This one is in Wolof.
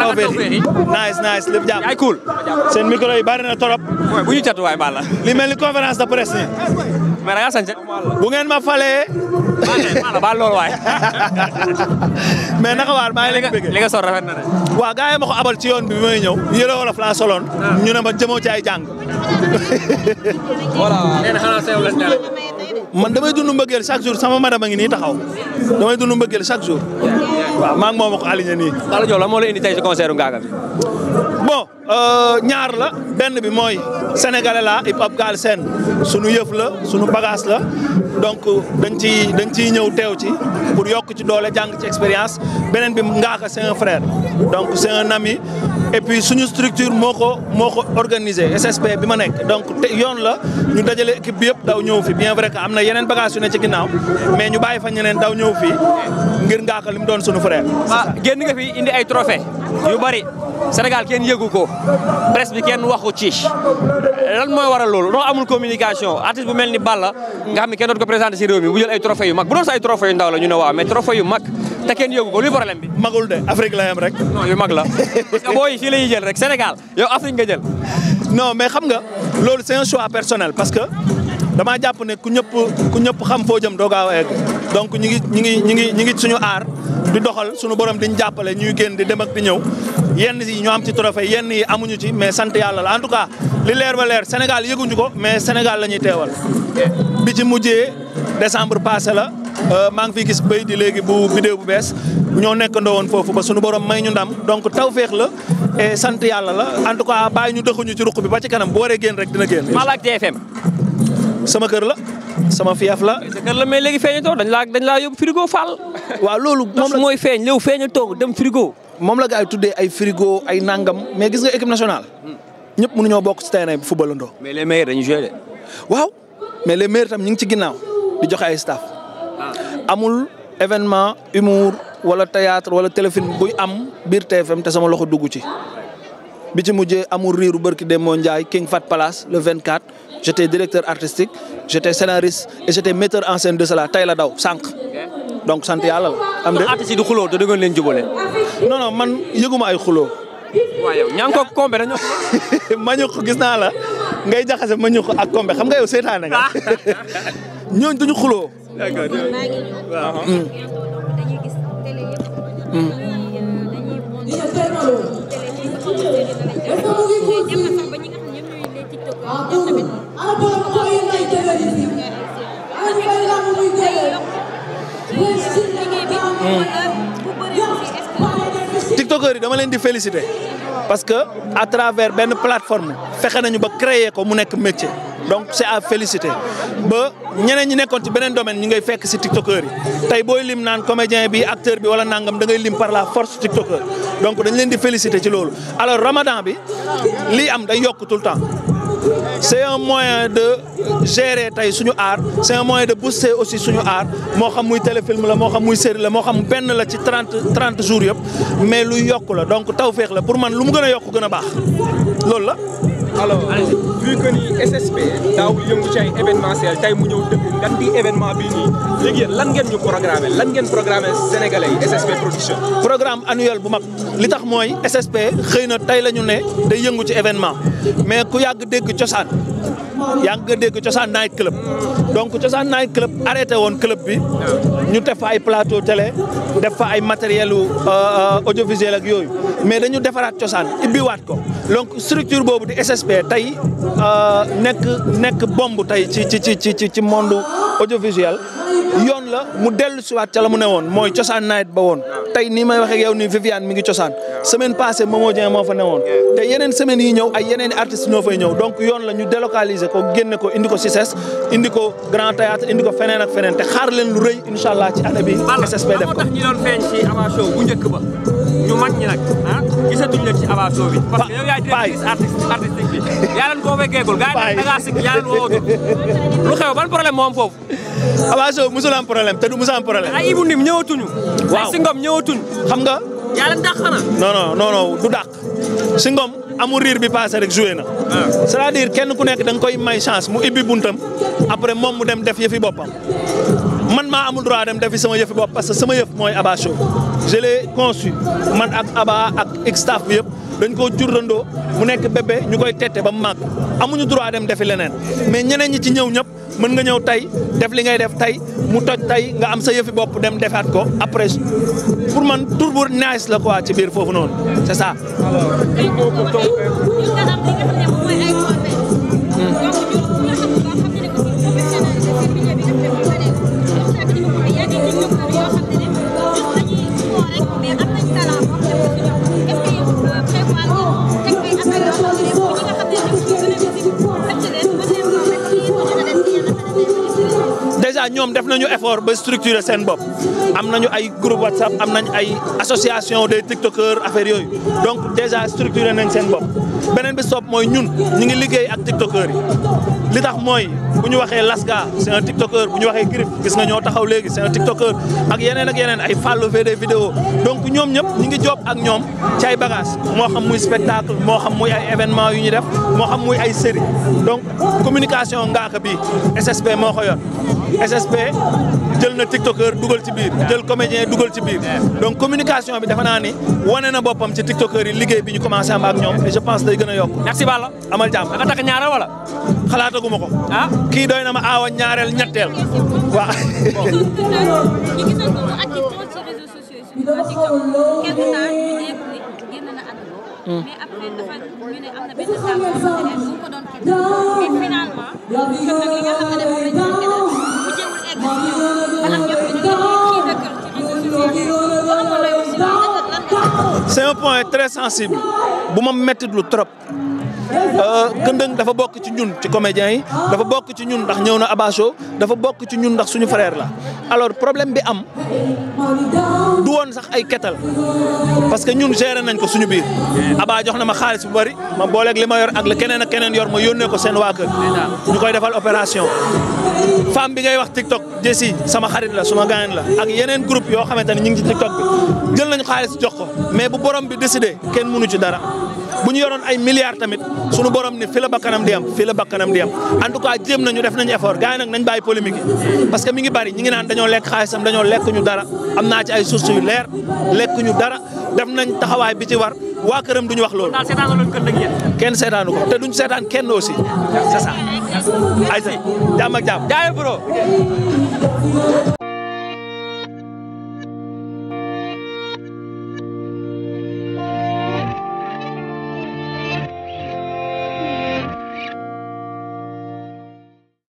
tawfeex nice nice lépp jàpp ay cool seen micro yi bari na torop bu ñu catu waay bala li mel ni conférence de presse ni mais da nga sañ bu ngeen ma falee baal loolu waay mais naka waar maa ngi leen bëgg li nga sor rafet na de waaw gars yi ma ko abal ci yoon bi bi may ñëw yëre wolof laa soloon ah. ñu ne ma jëmoo ci ay jàng voilà man damay dund mbëggeel chaque jour sama madama ngi nii taxaw damay dund mbëggeel chaque jour waaw maa ngi moom ak Aliou ñu moo la indi tey si concert bi bon. Euh, ñaar la benn bi mooy sénégalais la hip hop Galsen sunu yëf la sunu bagage la donc dañ ci dañ ciy ñëw teew ci pour yokk ci doole jàng ci expérience beneen bi ngaaka c'est un frère donc c'est un ami et suñu structure moo ko moo ko organisé SSP bi ma nekk donc yoon la ñu dajale équipe bi yëpp daw ñëw fi bien vrai que am na yeneen bagage yu ne ci ginnaaw mais ñu bàyyi fa ñeneen daw ñëw fii ngir ngaaka li mu doon suñu frère. waaw génn nga fi indi ay trophée yu bari Sénégal kenn yëgu ko. presse bi kenn waxu ci lan mooy waral loolu noo amul communication artiste bu mel ni Balla nga xam ne kenn dootu ko présenté si réew mi bu ay trophée yu mag bu doon sa ay trophée yu ndaw la ñu ne waaw mais trophée yu mag te kenn ko luy problème bi. magul de Afrique la yam rek. yu mag la parce que nga jël. non mais xam nga loolu c'est un personnel parce que. damaa jàpp ne ku ñëpp ku ñëpp xam foo jëm doo gaaw a egg donc ñu ngi ñu ngi ñu ngi ñu ngi suñu aar di doxal suñu borom diñ jàppale ñu génn di dem ak di ñëw yenn yi ñu am ci trophée yenn yi amuñu ci mais sant yàlla la en tout cas li leer ba leer Sénégal yëguñu ko mais Sénégal la ñuy teewal bi ci mujjee décembre passé la euh, maa ngi fi gis bay di léegi bu vidéo bu bees ñoo nekkandoo woon foofu ba suñu borom may ñu ndam donc tawféex la e sant yàlla la en tout cas bàyyi ñu dëxuñu ci ruq bi ba ci kanam bu waree génn rek dina génn. Malack TFM. sama kër la sama fiyaaf la. sa kër la mais léegi feeñatoo dañ laa dañ laa yóbbu frigo Fall. waaw loolu moom la mooy feeñ léew feeñatoo dem frigo. moom la gars yi tuddee ay frigo ay nangam mais gis nga équipe nationale. ñëpp mënuñoo bokk ci terrain bi footballandoo. mais les meilleurs dañu joué waaw mais les meilleurs tam ñu ngi ci ginnaaw di joxe ay staff. Ah. amul événement humour wala théâtre wala téléfilm buy am biir TFM te sama loxo dugg ci. bi ci mujjee amul riiru bërki Demba Ndiaye King Fat Palace le vingt 24 j'étais directeur artistique j'étais scénariste et j'étais metteur en scène de cela tay la daw sànq donc sant yàlla la. am de artistes yi du xuloo te da ngeen leen jubale. man yëguma ay xuloo. waaw ñaa ngi ko kombe dañoo. ma ñu gis naa la ngay jaxase ma ñu ak kombe xam nga yow seetaan nga ñooñ duñu xuloo. Mmh. tiktokers yi dama leen di féliciter parce que à travers benn plateforme fexe nañu ba créer ko mu nekk métier donc c'est à féliciter ba ñeneen ñi nekkoon ci beneen domaine ñu ngay fekk si tiktokers yi tey booy lim naan comédien bi acteur bi wala nangam da ngay lim par la force tiktokers donc dañ leen di féliciter ci loolu alors Ramadan bi lii am day yokk tout temps c'est un moyen de gérer tey suñu aar c'est un moyen de booster aussi suñu art moo xam muy téléfilm la moo xam muy série la moo xam benn la ci trente trente jours yëpp mais lu yokk la donc tawféex la pour man lu mu gën a yokk gën a baax loolu la. alors vu que ni SSP daaw yëngu ci ay événementiel tey mu ñëw dëkk ngan événement bii nii léegi lan ngeen ñu programmé lan ngeen programmé sénégalais SSP production. programme annuel bu mag li tax mooy SSP xëy na tey la ñu ne day yëngu ci événement mais ku yàgg dégg cosaan. yaa ngi dégg cosaan night club donc cosaan night club arrêté woon club bi ñu def fa ay plateau télé def fa ay matériel euh, euh, audiovisuel ak yooyu mais dañu defaraat cosaan ibbiwaat ko donc structure boobu di SSP tey euh, nekk nekk bomb tey ci ci ci ci ci monde audiovisuel yoon la mu dellu siwaat ca la mu ne woon mooy cosaan night ba woon tey nii may wax ak yow nii Viviane mi ngi cosaan semaine passée Momo Dieng moo fa newoon te yeneen semaines yi ñëw ay yeneen artistes ñoo fay ñëw donc yoon la ñu ko génne ko indi ko CICES indi ko Grand Théâtre indi ko feneen ak feneen te xaar leen lu rëy incha allah ci année bi SSP def ko. ñu mag ñi nag ah gisatuñ leen ci Abasso bi. parce que yow yaay directrice artistique artistique bi yaa leen koo fekkeegul. gaa yi da ngaa sikk yaa leen woowatul lu xew ban problème moo am foofu. Abasso musul am problème te du musul am problème. ay Ibou Ndim ñëwatuñu. waaw ay Singom ñëwatuñu. xam nga. yaa leen dàq na. non non non non du dàq Singom amul riir bi passé rek joué na. Ah. c'est-à-dire kenn ku nekk da nga koy may chance mu ibbi buntam après moom mu dem def yëfi boppam man maa amul droit dem defi sama yëfi bopp parce que sama yëf mooy Abasso. je l'ai man ak Aba ak staff bi yëpp dañ koo jurandoo mu nekk bébé ñu koy tette ba mu màgg amuñu droit dem defi leneen mais ñeneen ñi ci ñëw ñëpp mën nga ñëw tey def li ngay def tey mu toj tey nga am sa yëfi bopp dem defaat ko après pour man tur bu nice la quoi ci biir foofu noonu c'est déjà ñoom def nañu effort ba structurer seen bopp am nañu ay groupe WhatsApp am nañ ay association des tiktokers affaire yooyu donc déjà structurer nañ seen bopp beneen bi sopp mooy ñun ñu ngi liggéey ak tiktokers yi li tax mooy bu ñu waxee Laska c'est un tiktoker bu ñu waxee Grif gis nga ñoo taxaw léegi c'est un tiktoker ak yeneen ak yeneen ay Fallou des vidéos donc ñoom ñëpp ñu ngi job ak ñoom ci ay bagages moo xam muy spectacle moo xam muy ay événement yu ñu def moo xam ay série donc communication ngaaka bi SSP moo ko SSP jël na tiktokeur dugal ci biir jël comédien dugal ci biir donc communication bi defe naa ni wane na boppam ci tiktokeur yi liggéey bi ñu commencé am ak ñoom et je pense day gën a yokk merci Balla amal jàmm nga takk ñaareel wala xalaataguma ko ah kii ma aawa ñaareel ñetteel c'est un point très sensible bu ma mettitlu trop këndëng euh, dafa bokk ci ñun ci comédiens yi dafa bokk ci ñun ndax ñëw na Abacho dafa bokk ci ñun ndax suñu frère la alors problème bi am du woon sax ay ketal parce que ñun géré nañ ko suñu biir Aba jox na ma xaalis bu bari ma booleeg li ma yor ak la keneen ak keneen yor ma yónnee ko seen waa kër ñu koy defal opération femme bi ngay wax TikTok Jessi sama xarit la suma gaañ la ak yeneen groupe yoo xamante ne ñu ngi ci TikTok bi jël nañu xaalis jox ko mais bu borom bi décidé kenn mënu ci dara bu ñu yoroon ay milliards tamit suñu borom ni fi la bakkanam di am fi la bakkanam di am en tout cas jéem nañu def nañu effort gars yi nag nañ parce que mi ngi bari ñi ngi naan dañoo lekk xaalisam dañoo lekk ñu dara am naa ci ay sources leer lekk ñu dara def nañ taxawaay bi ci war waa këram duñu wax loolu. kenn seetaanu ko te duñ seetaan kenn aussi c'est ça. ay sa jàmm ak jàmm jaay